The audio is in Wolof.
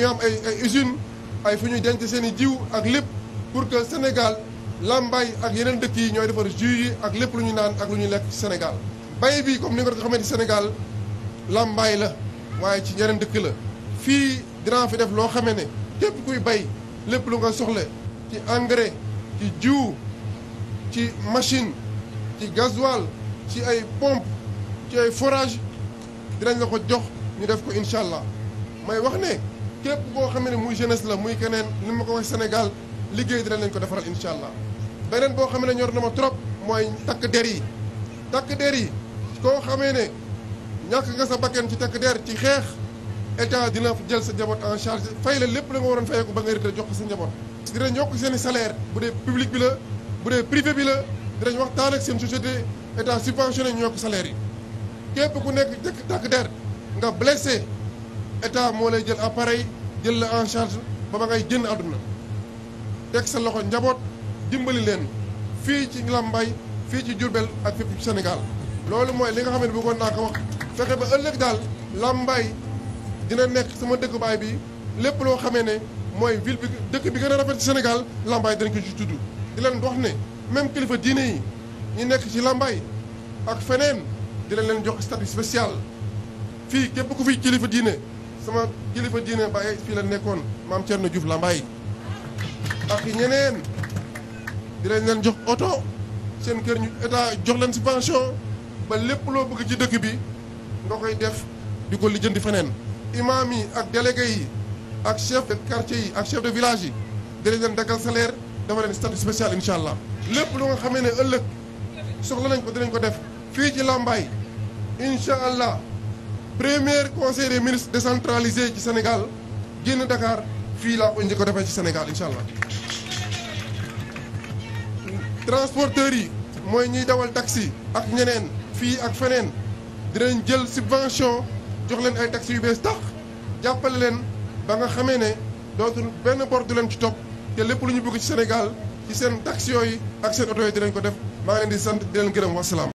ñu am ay ay ay fu ñuy denc seen i jiw ak lépp pour que Sénégal làmbaay ak yeneen dëkk yi ñooy defar jus yi ak lépp lu ñu naan ak lu ñu lekk ci Sénégal. bay bi comme ni nga ko xamante Sénégal làmbaay la waaye ci yeneen dëkk la fii dinaa fi def loo xamee ne képp kuy bay lépp lu nga soxla ci engrais ci jiw ci machine ci gasoil ci ay pompe ci ay forage dinañ la ko jox ñu def ko incha allah may wax ne. képp koo xam ne muy jeunesse la muy keneen li ma ko wax Sénégal liggéey dina leen ko defaral incha allah beneen boo xam ne ñor na ma trop mooy takk der yi takk der yi koo xamee ne ñàkk nga sa bakkan ci takk der ci xeex état dina jël sa njaboot en charge fay la lépp la nga waroon fayee ko ba nga retraite jox ko sa njaboot. dinañ yokk seen i salaire bu dee public bi la bu dee privé bi la dinañ waxtaan ak seen société état subventionné ñu yokk salaire yi képp ku nekk dëkk takk der nga blessé. état moo lay jël appareil jël la en charge ba ba ngay génn àdduna teg sa loxo njaboot dimbali leen fii ci Lambaye fii ci jurbel ak fépp ci Sénégal loolu mooy li nga xam ne bëggoon naa ko wax fexe ba ëllëg daal Lambaye dina nekk sama dëkku baay bi lépp loo xamee ne mooy ville bi dëkk bi gën rafet ci Sénégal Lambaye dinañ ko ci tudd di leen wax ne même kilifa diine yi ñu nekk ci Lambaye ak feneen dina leen jox statut spécial fii képp ku fi kilifa diine sama kilifa diine bàyyi fii la nekkoon maam Thierno Diouf Lambaye ak ñeneen dinañ leen jox oto seen kër ñu état jox leen subvention ba lépp loo bëgg ci dëkk bi nga koy def di ko di feneen. imam yi ak délégué yi ak chef de quartier yi ak chef de village yi dinañ leen daggal salaire dafa leen statut spécial incha allah. lépp lu nga xamee ne ëllëg soxla nañ ko dinañ ko def fii ci Lambaye incha allah. premier conseil des ministres décentralisé ci Sénégal génn Dakar fii laa ko njëkk a defee ci Sénégal incha allah. transporteurs yi mooy ñiy dawal taxi ak ñeneen fii ak feneen dinañ jël subvention jox leen ay taxi yu bees tax jàppale leen ba nga xamee ne dootul benn bor du leen ci topp te lépp lu ñu bëgg ci Sénégal ci seen taxi yooyu ak seen oto yi dinañ ko def maa ngi leen di sant di leen gërëm wasalaam.